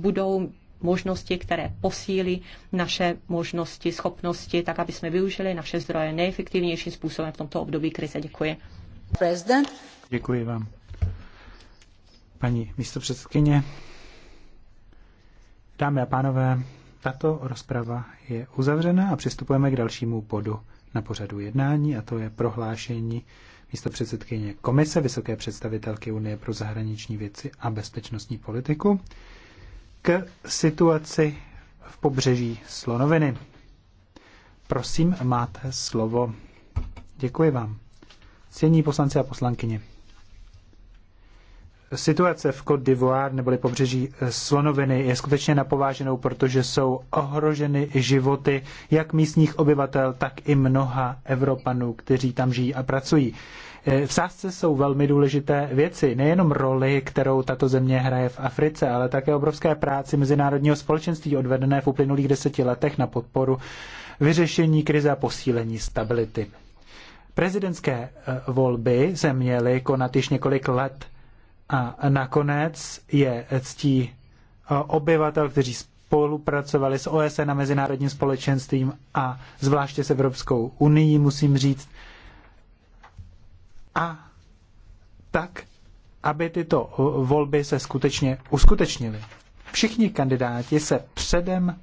budou možnosti, které posílí naše možnosti, schopnosti, tak aby jsme využili naše zdroje nejefektivnějším způsobem v tomto období krize. Děkuji. President. Děkuji vám. Paní místopředsedkyně, dámy a pánové, tato rozprava je uzavřena a přistupujeme k dalšímu bodu na pořadu jednání a to je prohlášení místo předsedkyně Komise Vysoké představitelky Unie pro zahraniční věci a bezpečnostní politiku k situaci v pobřeží Slonoviny. Prosím, máte slovo. Děkuji vám. Cení poslanci a poslankyně. Situace v Côte d'Ivoire neboli pobřeží Slonoviny je skutečně napováženou, protože jsou ohroženy životy jak místních obyvatel, tak i mnoha Evropanů, kteří tam žijí a pracují. Eh, v sázce jsou velmi důležité věci, nejenom roli, kterou tato země hraje v Africe, ale také obrovské práci mezinárodního společenství odvedené v uplynulých deseti letech na podporu vyřešení krize a posílení stability. Prezidentské eh, volby se měly konat již několik let a nakonec je ctí eh, obyvatel, kteří spolupracovali s OSN a mezinárodním společenstvím a zvláště s Evropskou unii, musím říct, a tak, aby tyto volby se skutečně uskutečnily. Všichni kandidáti se předem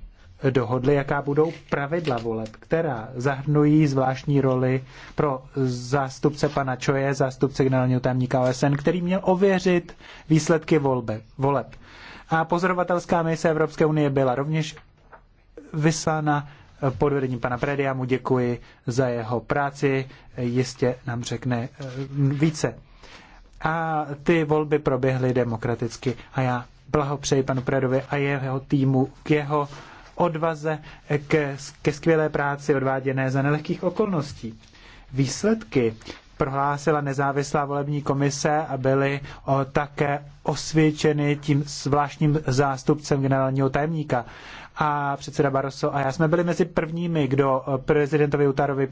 dohodli, jaká budou pravidla voleb, která zahrnují zvláštní roli pro zástupce pana Čoje, zástupce generálního tajemníka OSN, který měl ověřit výsledky volby, voleb. A pozorovatelská mise Evropské unie byla rovněž vyslána pod vedením pana Predia. Mu děkuji za jeho práci, jistě nám řekne eh, více. A ty volby proběhly demokraticky a já blahopřeji panu Predovi a jeho týmu k jeho odvaze, ke, ke skvělé práci odváděné za nelehkých okolností. Výsledky prohlásila nezávislá volební komise a byly o, také osvědčeny tím zvláštním zástupcem generálního tajemníka a předseda Barroso a já jsme byli mezi prvními, kdo eh, prezidentovi Utarovi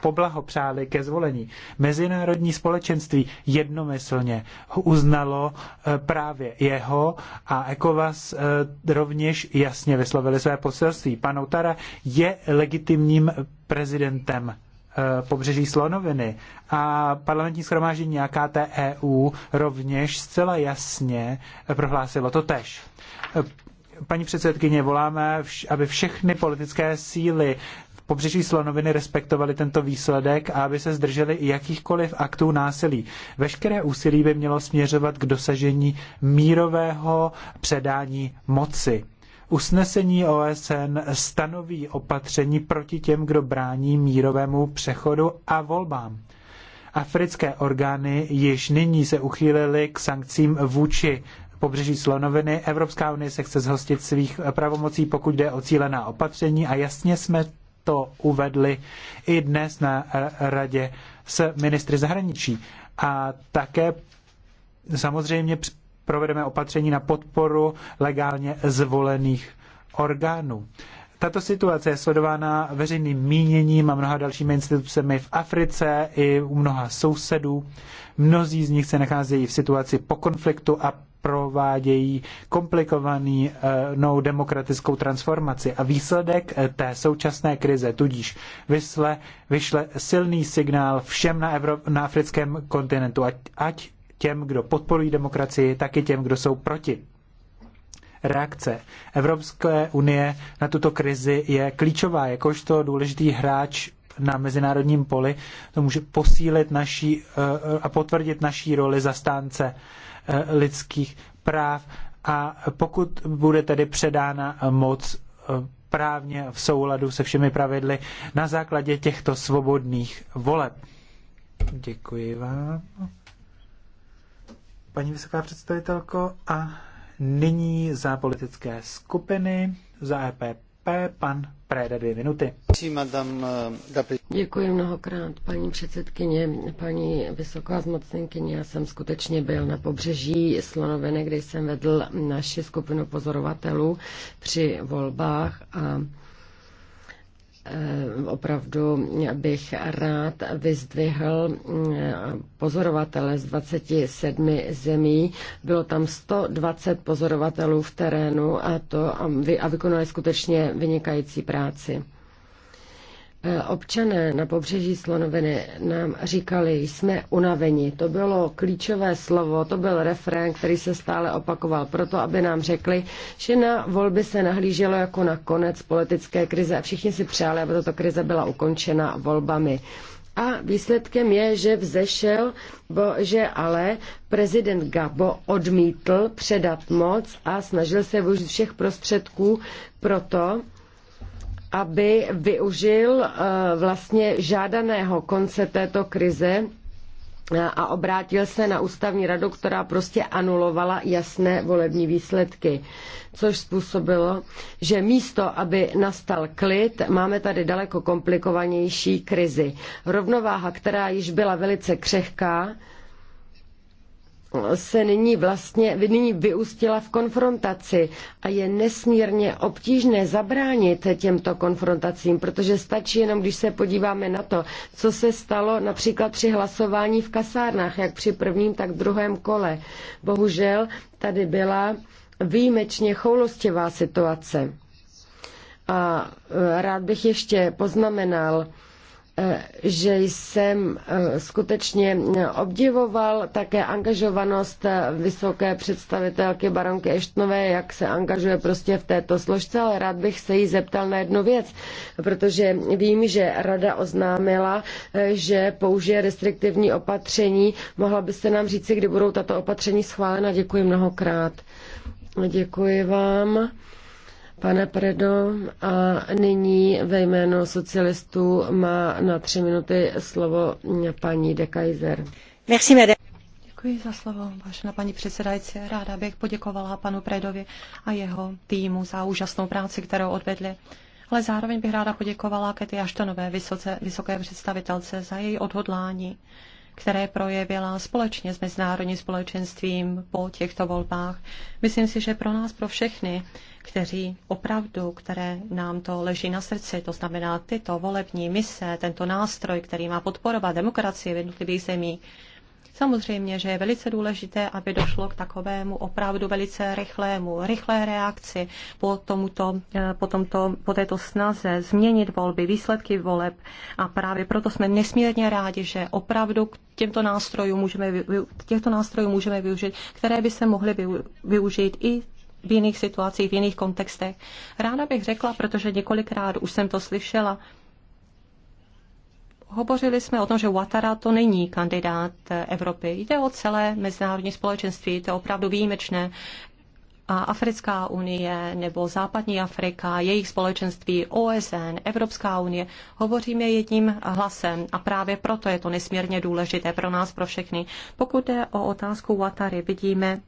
poblahopřáli ke zvolení. Mezinárodní společenství jednomyslně uznalo eh, právě jeho a ekovas eh, rovněž jasně vyslovili své poselství. Pan Utara je legitimním prezidentem pobřeží Slonoviny a parlamentní schromáždění AKT EU rovněž zcela jasně prohlásilo to tež paní předsedkyně, voláme, aby všechny politické síly v pobřeží Slonoviny respektovaly tento výsledek a aby se zdrželi jakýchkoliv aktů násilí. Veškeré úsilí by mělo směřovat k dosažení mírového předání moci. Usnesení OSN stanoví opatření proti těm, kdo brání mírovému přechodu a volbám. Africké orgány již nyní se uchýlily k sankcím vůči pobřeží slonoviny. Evropská unie se chce zhostit svých pravomocí, pokud jde o cílená opatření a jasně jsme to uvedli i dnes na radě s ministry zahraničí. A také samozřejmě provedeme opatření na podporu legálně zvolených orgánů. Tato situace je sledována veřejným míněním a mnoha dalšími institucemi v Africe i u mnoha sousedů. Mnozí z nich se nacházejí v situaci po konfliktu a provádějí komplikovanou demokratickou transformaci. A výsledek eh, té současné krize tudíž vysle, vyšle silný signál všem na, na africkém kontinentu, ať, ať těm, kdo podporují demokracii, tak i těm, kdo jsou proti reakce Evropské unie na tuto krizi je klíčová, jakožto důležitý hráč na mezinárodním poli. To může posílit naší eh, a potvrdit naší roli zastánce Eh, lidských práv a pokud bude tedy předána moc eh, právně v souladu se všemi pravidly na základě těchto svobodných voleb. Děkuji vám. Paní vysoká představitelko, a nyní za politické skupiny, za EPP pan Preda dvě minuty. Eh, Děkuji mnohokrát, paní předsedkyně, paní vysoká zmocněnkyně. Já jsem skutečně byl na pobřeží Slonoviny, kde jsem vedl naši skupinu pozorovatelů při volbách a Eh, opravdu bych rád vyzdvihl eh, pozorovatele z 27 zemí. Bylo tam 120 pozorovatelů v terénu a, to, a vykonali skutečně vynikající práci. Eh, občané na pobřeží Slonoviny nám říkali, jsme unaveni. To bylo klíčové slovo, to byl refrén, který se stále opakoval, proto aby nám řekli, že na volby se nahlíželo jako na konec politické krize a všichni si přáli, aby tato krize byla ukončena volbami. A výsledkem je, že vzešel, bo, že ale prezident Gabo odmítl předat moc a snažil se využít všech prostředků pro to, aby využil eh, vlastně žádaného konce této krize eh, a obrátil se na ústavní radu, která prostě anulovala jasné volební výsledky, což způsobilo, že místo, aby nastal klid, máme tady daleko komplikovanější krizi. Rovnováha, která již byla velice křehká, se nyní vlastně nyní vyústila v konfrontaci a je nesmírně obtížné zabránit těmto konfrontacím, protože stačí jenom, když se podíváme na to, co se stalo například při hlasování v kasárnách, jak při prvním, tak druhém kole. Bohužel tady byla výjimečně choulostivá situace. A e, rád bych ještě poznamenal, Eh, že jsem eh, skutečně obdivoval také angažovanost eh, vysoké představitelky baronky Eštnové, jak se angažuje prostě v této složce, ale rád bych se jí zeptal na jednu věc, protože vím, že rada oznámila, že použije restriktivní opatření. Mohla byste nám říci, kdy budou tato opatření schválena? Děkuji mnohokrát. Děkuji vám. Pane Predo, a nyní ve jménu socialistů má na tři minuty slovo paní de Kaiser. Merci, madame. Děkuji za slovo, vážená paní předsedající. Ráda bych poděkovala panu Predovi a jeho týmu za úžasnou práci, kterou odvedli. Ale zároveň bych ráda poděkovala Katy Aštonové, vysoce, vysoké představitelce, za její odhodlání, které projevila společně s mezinárodním společenstvím po těchto volbách. Myslím si, že pro nás, pro všechny, kteří opravdu, které nám to leží na srdci, to znamená tyto volební mise, tento nástroj, který má podporovat demokracii v jednotlivých zemích, Samozřejmě, že je velice důležité, aby došlo k takovému opravdu velice rychlému, rychlé reakci po, tomuto, eh, po, tomto, po této snaze změnit volby, výsledky voleb. A právě proto jsme nesmírně rádi, že opravdu k těmto nástrojům můžeme, těchto nástrojů můžeme využít, které by se mohly využít i v jiných situacích, v jiných kontextech. Ráda bych řekla, protože několikrát už jsem to slyšela, hovořili jsme o tom, že Watara to není kandidát Evropy. Jde o celé mezinárodní společenství, to je opravdu výjimečné. A Africká unie nebo Západní Afrika, jejich společenství, OSN, Evropská unie, hovoříme jedním hlasem a právě proto je to nesmírně důležité pro nás, pro všechny. Pokud jde o otázku Watary, vidíme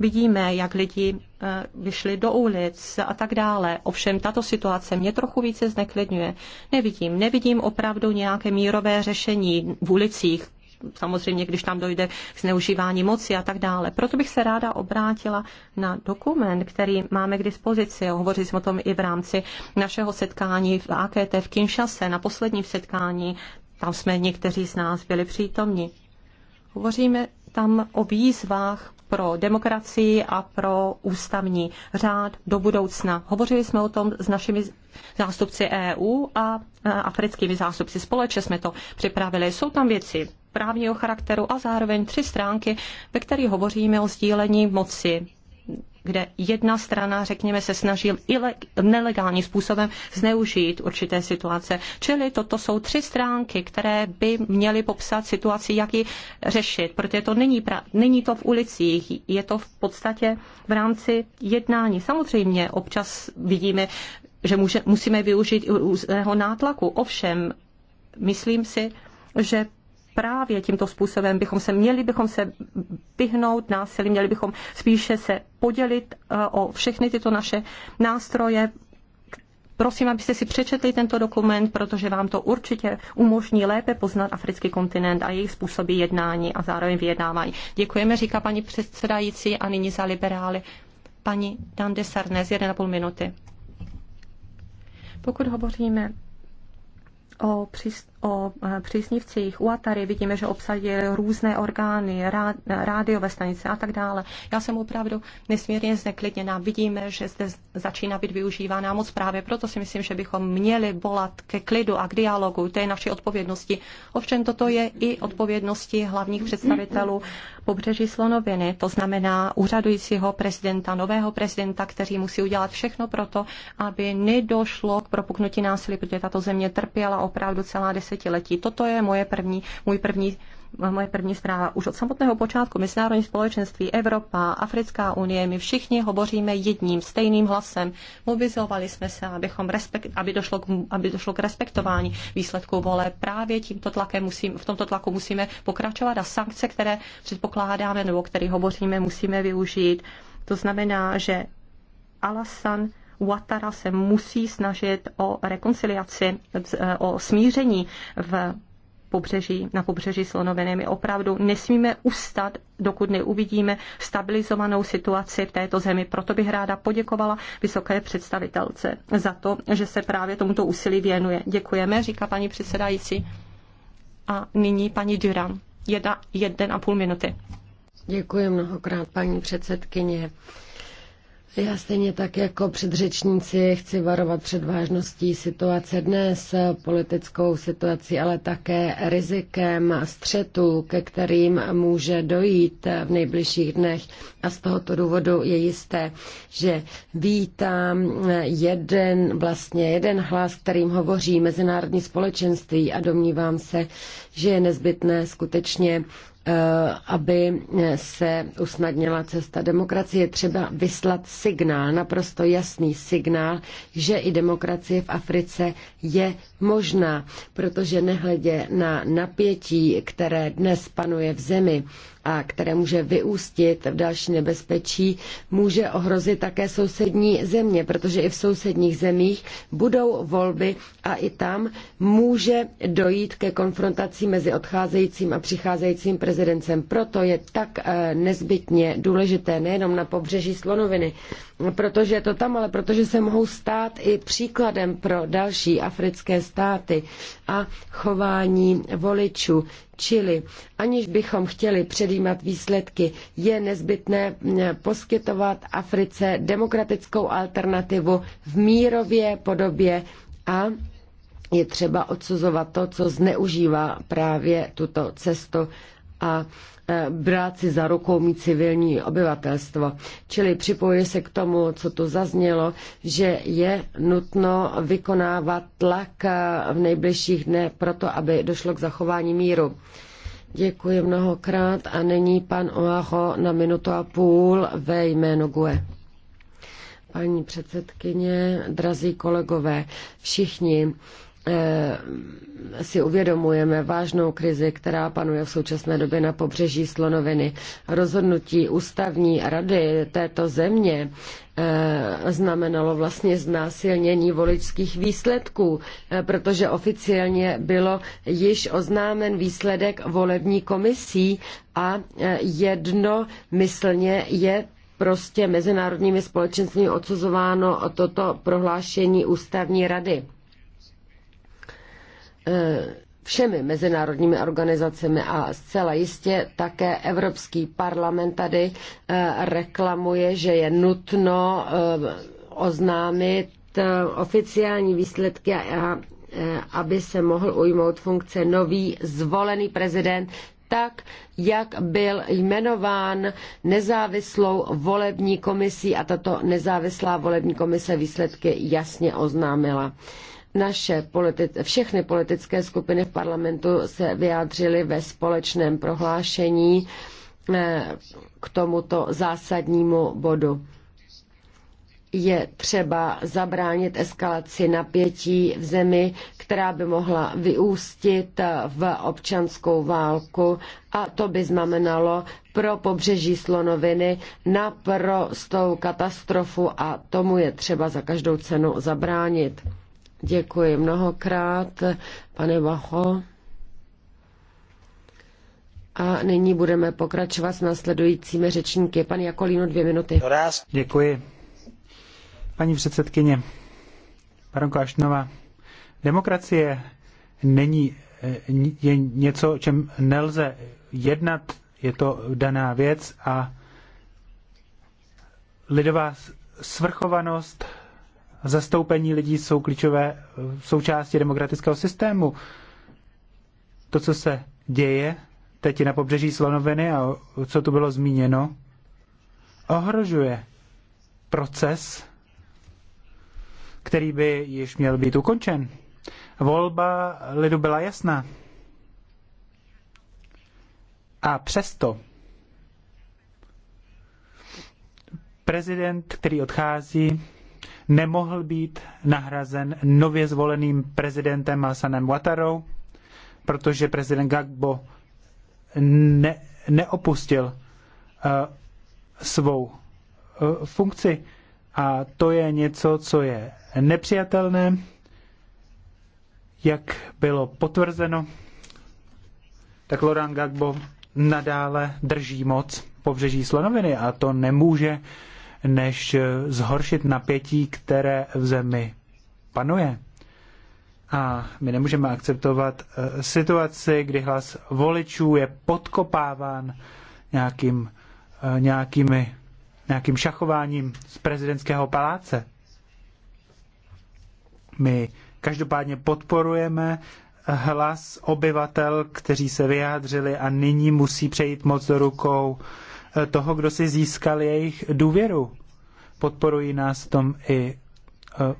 Vidíme, jak lidi eh, vyšli do ulic a tak dále. Ovšem tato situace mě trochu více zneklidňuje. Nevidím, nevidím opravdu nějaké mírové řešení v ulicích, samozřejmě, když tam dojde k zneužívání moci a tak dále. Proto bych se ráda obrátila na dokument, který máme k dispozici. Hovořili jsme o tom i v rámci našeho setkání v AKT v Kinshase, na posledním setkání. Tam jsme někteří z nás byli přítomni. Hovoříme tam o výzvách pro demokracii a pro ústavní řád do budoucna. Hovořili jsme o tom s našimi zástupci EU a africkými zástupci. Společně jsme to připravili. Jsou tam věci právního charakteru a zároveň tři stránky, ve kterých hovoříme o sdílení moci kde jedna strana, řekněme, se snaží nelegálním způsobem zneužít určité situace. Čili toto jsou tři stránky, které by měly popsat situaci, jak ji řešit, protože to není, pra- není to v ulicích, je to v podstatě v rámci jednání. Samozřejmě občas vidíme, že může, musíme využít různého nátlaku. Ovšem, myslím si, že právě tímto způsobem bychom se měli bychom se vyhnout násilí, měli bychom spíše se podělit eh, o všechny tyto naše nástroje. Prosím, abyste si přečetli tento dokument, protože vám to určitě umožní lépe poznat africký kontinent a jejich způsoby jednání a zároveň vyjednávání. Děkujeme, říká paní předsedající a nyní za liberály paní Dande Sarnes, 1,5 minuty. Pokud hovoříme o, přist- o eh, příznivcích Uatary, vidíme, že obsadili různé orgány, rádiové stanice a tak dále. Já jsem opravdu nesmírně zneklidněná. Vidíme, že zde začíná být využívána moc právě proto si myslím, že bychom měli volat ke klidu a k dialogu. To je naší odpovědnosti. Ovšem toto je i odpovědnosti hlavních představitelů pobřeží Slonoviny, to znamená úřadujícího prezidenta, nového prezidenta, kteří musí udělat všechno proto, aby nedošlo k propuknutí násilí, protože tato země trpěla opravdu celá desetiletí desetiletí. Toto je moje první, můj první moje první zpráva. Už od samotného počátku mezinárodní společenství Evropa, Africká unie, my všichni hovoříme jedním stejným hlasem. Mobilizovali jsme se, abychom respekt, aby, došlo k, aby došlo k respektování výsledků vole. Právě tímto tlakem musím, v tomto tlaku musíme pokračovat a sankce, které předpokládáme nebo které hovoříme, musíme využít. To znamená, že Alasan Uatara se musí snažit o rekonciliaci, eh, o smíření v pobřeží, na pobřeží Slonoviny. My opravdu nesmíme ustat, dokud neuvidíme stabilizovanou situaci v této zemi. Proto bych ráda poděkovala vysoké představitelce za to, že se právě tomuto úsilí věnuje. Děkujeme, říká paní předsedající. A nyní paní Duran. Jedna, jeden a půl minuty. Děkuji mnohokrát, paní předsedkyně. Já stejně tak jako předřečníci chci varovat před vážností situace dnes, politickou situaci, ale také rizikem střetu, ke kterým může dojít v nejbližších dnech. A z tohoto důvodu je jisté, že vítám jeden, vlastně jeden hlas, kterým hovoří mezinárodní společenství a domnívám se, že je nezbytné skutečně Eh, aby se usnadnila cesta demokracie, je třeba vyslat signál, naprosto jasný signál, že i demokracie v Africe je možná, protože nehledě na napětí, které dnes panuje v zemi, a které může vyústit v další nebezpečí, může ohrozit také sousední země, protože i v sousedních zemích budou volby a i tam může dojít ke konfrontaci mezi odcházejícím a přicházejícím prezidentem. Proto je tak eh, nezbytně důležité nejenom na pobřeží Slonoviny, protože je to tam, ale protože se mohou stát i příkladem pro další africké státy a chování voličů. Čili aniž bychom chtěli předjímat výsledky, je nezbytné eh, poskytovat Africe demokratickou alternativu v mírově podobě a je třeba odsuzovat to, co zneužívá právě tuto cestu a e, brát si za rukou mít civilní obyvatelstvo. Čili připojuje se k tomu, co tu zaznělo, že je nutno vykonávat tlak e, v nejbližších dnech proto, aby došlo k zachování míru. Děkuji mnohokrát a nyní pan Oaho na minutu a půl ve jménu GUE. Paní předsedkyně, drazí kolegové, všichni Eh, si uvědomujeme vážnou krizi, která panuje v současné době na pobřeží Slonoviny. Rozhodnutí ústavní rady této země eh, znamenalo vlastně znásilnění voličských výsledků, eh, protože oficiálně bylo již oznámen výsledek volební komisí a jednomyslně je prostě mezinárodními společenstvími odsuzováno toto prohlášení ústavní rady. E, všemi mezinárodními organizacemi a zcela jistě také Evropský parlament tady e, reklamuje, že je nutno e, oznámit oficiální výsledky a aby se mohl ujmout funkce nový zvolený prezident tak, jak byl jmenován nezávislou volební komisí a tato nezávislá volební komise výsledky jasně oznámila. Naše všechny politické skupiny v parlamentu se vyjádřily ve společném prohlášení eh, k tomuto zásadnímu bodu je třeba zabránit eskalaci napětí v zemi, která by mohla vyústit v občanskou válku a to by znamenalo pro pobřeží Slonoviny naprostou katastrofu a tomu je třeba za každou cenu zabránit. Děkuji mnohokrát, pane Vacho. A nyní budeme pokračovat s následujícími řečníky. Pan Jakolíno, dvě minuty. Děkuji. Paní předsedkyně, baronko Aštnova, demokracie není je něco, čem nelze jednat, je to daná věc a lidová svrchovanost zastoupení lidí jsou klíčové eh, součástí demokratického systému. To, co se děje teď na pobřeží Slonoviny a co tu bylo zmíněno, ohrožuje proces, který by již měl být ukončen. Volba lidu byla jasná. A přesto prezident, který odchází, nemohl být nahrazen nově zvoleným prezidentem Hassanem Watarou, protože prezident Gagbo ne, neopustil uh, svou uh, funkci. A to je něco, co je nepřijatelné, jak bylo potvrzeno, tak Laurent Gagbo nadále drží moc pobřeží Slonoviny a to nemůže než zhoršit napětí, které v zemi panuje. A my nemůžeme akceptovat eh, situaci, kdy hlas voličů je podkopáván nějakým, eh, nějakými, nějakým šachováním z prezidentského paláce. My každopádně podporujeme hlas obyvatel, kteří se vyjádřili a nyní musí přejít moc do rukou Eh, toho, kdo si získal jejich důvěru. Podporují nás v tom i eh,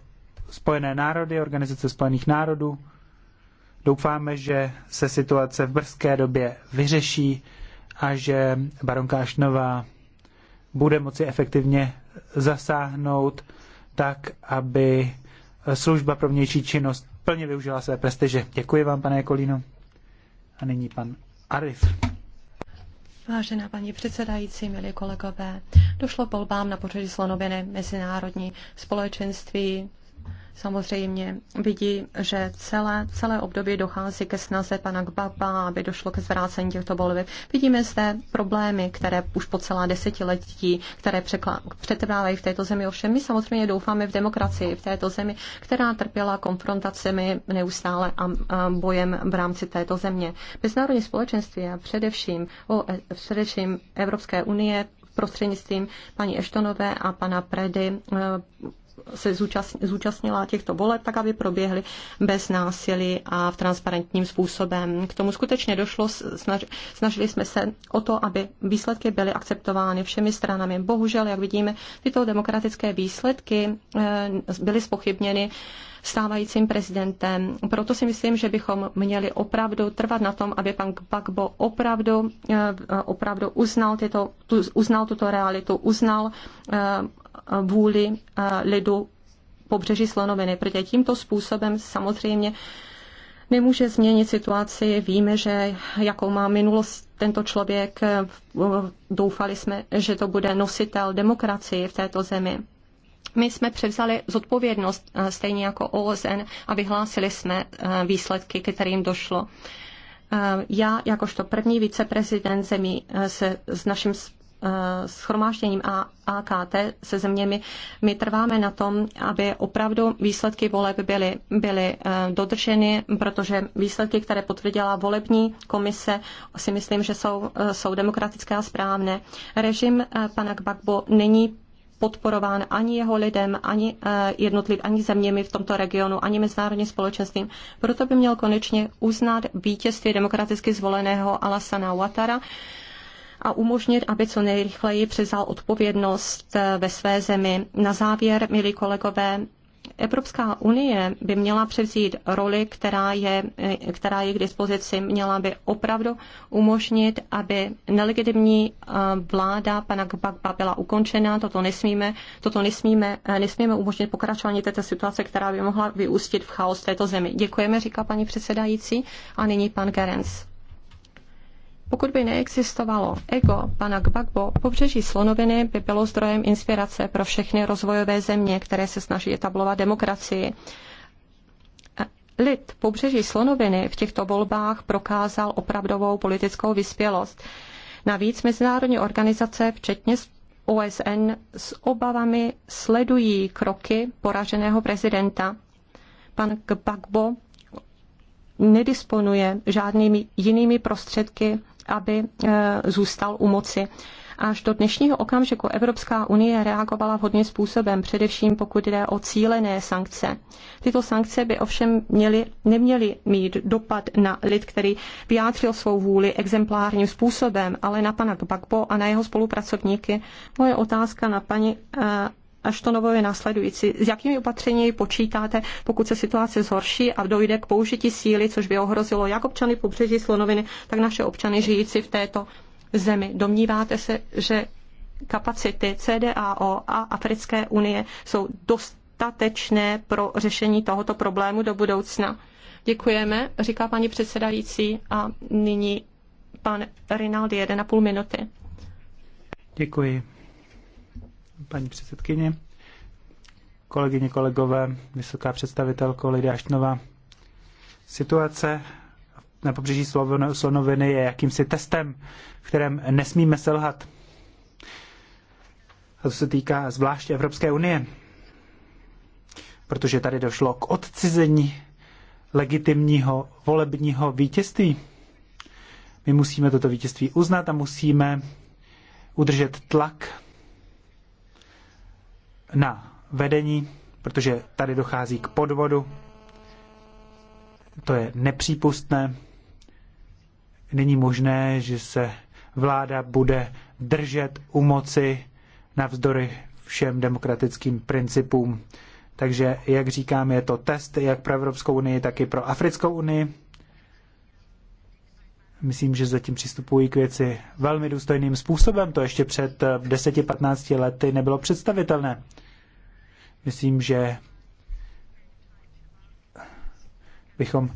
Spojené národy, Organizace spojených národů. Doufáme, že se situace v brzké době vyřeší a že baronka Ašnová bude moci efektivně zasáhnout tak, aby služba pro vnější činnost plně využila své prestiže. Děkuji vám, pane Kolíno. A nyní pan Arif. Vážená paní předsedající, milí kolegové, došlo k volbám na pořadí slonoviny mezinárodní společenství samozřejmě vidí, že celé, celé období dochází ke snaze pana Gbaba, aby došlo ke zvrácení těchto bolivy. Vidíme zde problémy, které už po celá desetiletí, které přetrvávají v této zemi. Ovšem my samozřejmě doufáme v demokracii v této zemi, která trpěla konfrontacemi neustále a, a bojem v rámci této země. Mezinárodní společenství a především, o, především Evropské unie prostřednictvím paní Eštonové a pana Predy eh, se zúčastnila těchto voleb, tak aby proběhly bez násilí a v transparentním způsobem. K tomu skutečně došlo, snažili jsme se o to, aby výsledky byly akceptovány všemi stranami. Bohužel, jak vidíme, tyto demokratické výsledky eh, byly spochybněny stávajícím prezidentem. Proto si myslím, že bychom měli opravdu trvat na tom, aby pan Gbagbo opravdu, eh, opravdu uznal, tyto, uznal tuto realitu, uznal eh, vůli eh, lidu pobřeží Slonoviny, protože tímto způsobem samozřejmě nemůže změnit situaci. Víme, že jakou má minulost tento člověk, doufali jsme, že to bude nositel demokracie v této zemi my jsme převzali zodpovědnost eh, stejně jako OSN a vyhlásili jsme eh, výsledky, ke kterým došlo. Eh, já jakožto první viceprezident zemí se s naším schromážděním a AKT se zeměmi, my trváme na tom, aby opravdu výsledky voleb byly, byly dodrženy, protože výsledky, které potvrdila volební komise, si myslím, že jsou, jsou demokratické a správné. Režim pana Gbagbo není podporován ani jeho lidem, ani eh, jednotlivými ani zeměmi v tomto regionu, ani mezinárodním společenstvím. Proto by měl konečně uznat vítězství demokraticky zvoleného Alasana Ouattara a umožnit, aby co nejrychleji přizal odpovědnost eh, ve své zemi. Na závěr, milí kolegové, Evropská unie by měla převzít roli, která je, která je k dispozici, měla by opravdu umožnit, aby nelegitimní eh, vláda pana Gbagba byla ukončena. Toto nesmíme, toto nesmíme, eh, nesmíme umožnit pokračování této situace, která by mohla vyústit v chaos této zemi. Děkujeme, říká paní předsedající. A nyní pan Gerens. Pokud by neexistovalo ego pana Gbagbo, pobřeží Slonoviny by bylo zdrojem inspirace pro všechny rozvojové země, které se snaží etablovat demokracii. Lid pobřeží Slonoviny v těchto volbách prokázal opravdovou politickou vyspělost. Navíc mezinárodní organizace, včetně OSN, s obavami sledují kroky poraženého prezidenta. Pan Gbagbo nedisponuje žádnými jinými prostředky aby eh, zůstal u moci. Až do dnešního okamžiku Evropská unie reagovala vhodným způsobem, především pokud jde o cílené sankce. Tyto sankce by ovšem měly, neměly mít dopad na lid, který vyjádřil svou vůli exemplárním způsobem, ale na pana Gbagbo a na jeho spolupracovníky. Moje otázka na paní eh, Ashtonovo je následující. S jakými opatření počítáte, pokud se situace zhorší a dojde k použití síly, což by ohrozilo jak občany pobřeží Slonoviny, tak naše občany žijící v této zemi? Domníváte se, že kapacity CDAO a Africké unie jsou dostatečné pro řešení tohoto problému do budoucna? Děkujeme, říká paní předsedající a nyní pan Rinaldi jeden a půl minuty. Děkuji paní předsedkyně, kolegyně, kolegové, vysoká představitelko Lidia Aštnova. Situace na pobřeží Slonoviny je jakýmsi testem, v kterém nesmíme selhat. A to se týká zvláště Evropské unie, protože tady došlo k odcizení legitimního volebního vítězství. My musíme toto vítězství uznat a musíme udržet tlak na vedení, protože tady dochází k podvodu. To je nepřípustné. Není možné, že se vláda bude držet u moci navzdory všem demokratickým principům. Takže, jak říkám, je to test jak pro Evropskou unii, tak i pro Africkou unii. Myslím, že zatím přistupují k věci velmi důstojným způsobem. To ještě před 10-15 eh, lety nebylo představitelné. Myslím, že bychom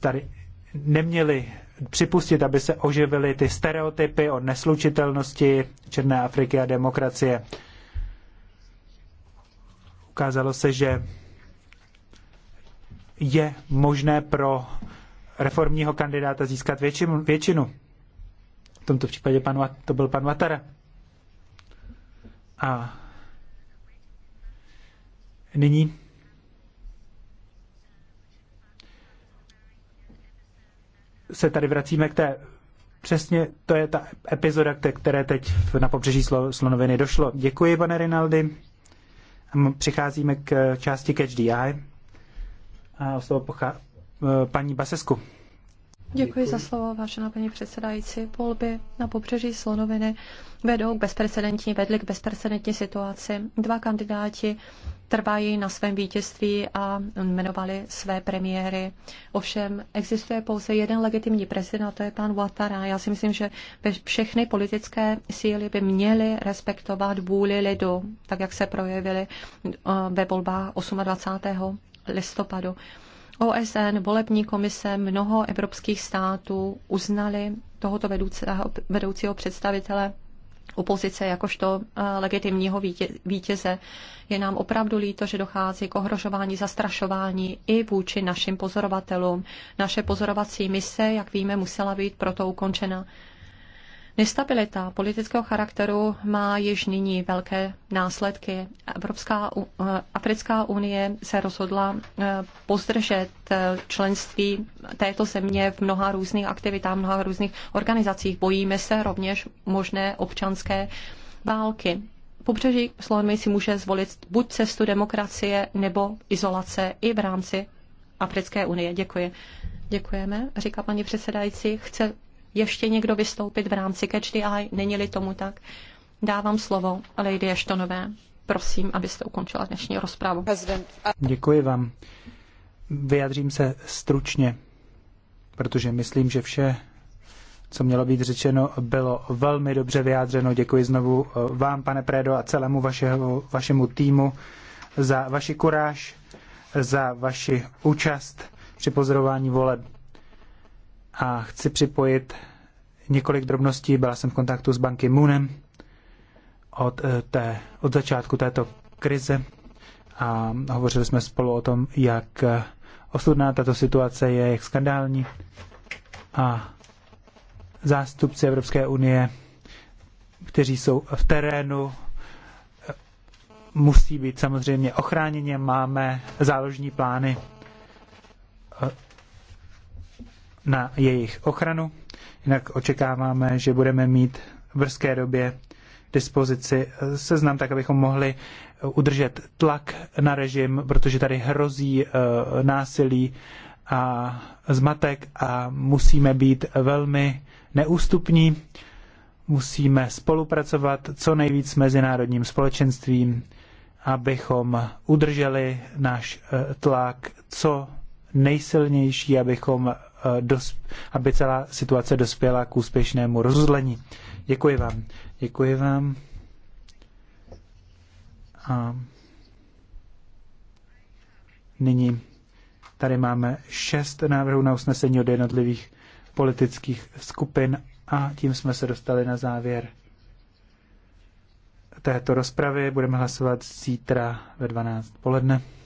tady neměli připustit, aby se oživily ty stereotypy o neslučitelnosti Černé Afriky a demokracie. Ukázalo se, že je možné pro reformního kandidáta získat většinu. většinu. V tomto případě pan, to byl pan Vatara. A nyní se tady vracíme k té Přesně to je ta epizoda, které teď na pobřeží Slonoviny došlo. Děkuji, pane Rinaldi. Přicházíme k části Catch the Eye. A Eh, paní Basesku. Děkuji, za slovo, vážená paní předsedající. Volby na pobřeží Slonoviny vedou k bezprecedentní, vedly k bezprecedentní situaci. Dva kandidáti trvají na svém vítězství a jmenovali své premiéry. Ovšem existuje pouze jeden legitimní prezident, a to je pan Ouattara. Já si myslím, že všechny politické síly by měly respektovat vůli lidu, tak jak se projevily eh, ve volbách 28. listopadu. OSN, volební komise, mnoho evropských států uznali tohoto vedoucího, vedoucího představitele opozice jakožto eh, legitimního vítěze. Je nám opravdu líto, že dochází k ohrožování, zastrašování i vůči našim pozorovatelům. Naše pozorovací mise, jak víme, musela být proto ukončena. Nestabilita politického charakteru má již nyní velké následky. Evropská, eh, Africká unie se rozhodla eh, pozdržet eh, členství této země v mnoha různých aktivitách, mnoha různých organizacích. Bojíme se rovněž možné občanské války pobřeží Slovenmi si může zvolit buď cestu demokracie nebo izolace i v rámci Africké unie. Děkuji. Děkujeme, říká paní předsedající. Chce ještě někdo vystoupit v rámci Catch the Eye? Není-li tomu tak, dávám slovo Lady Eštonové. Prosím, abyste ukončila dnešní rozpravu. Děkuji vám. Vyjadřím se stručně, protože myslím, že vše, co mělo být řečeno, bylo velmi dobře vyjádřeno. Děkuji znovu eh, vám, pane Prédo, a celému vašeho, vašemu týmu za vaši kuráž, za vaši účast při pozorování voleb a chci připojit několik drobností. Byla jsem v kontaktu s banky Moonem od, eh, té, od začátku této krize a hovořili jsme spolu o tom, jak eh, osudná tato situace je, jak skandální. A zástupci Evropské unie, kteří jsou v terénu, eh, musí být samozřejmě ochráněni. Máme záložní plány na jejich ochranu. Jinak očekáváme, že budeme mít v brzké době dispozici eh, seznam, tak abychom mohli eh, udržet tlak na režim, protože tady hrozí eh, násilí a zmatek a musíme být velmi neústupní. Musíme spolupracovat co nejvíc s mezinárodním společenstvím, abychom udrželi náš tlak co nejsilnější, abychom Eh, dos, aby celá situace dospěla k úspěšnému rozuzlení. Děkuji vám. Děkuji vám. A nyní tady máme šest návrhů na usnesení od jednotlivých politických skupin a tím jsme se dostali na závěr této rozpravy. Budeme hlasovat zítra ve 12 poledne.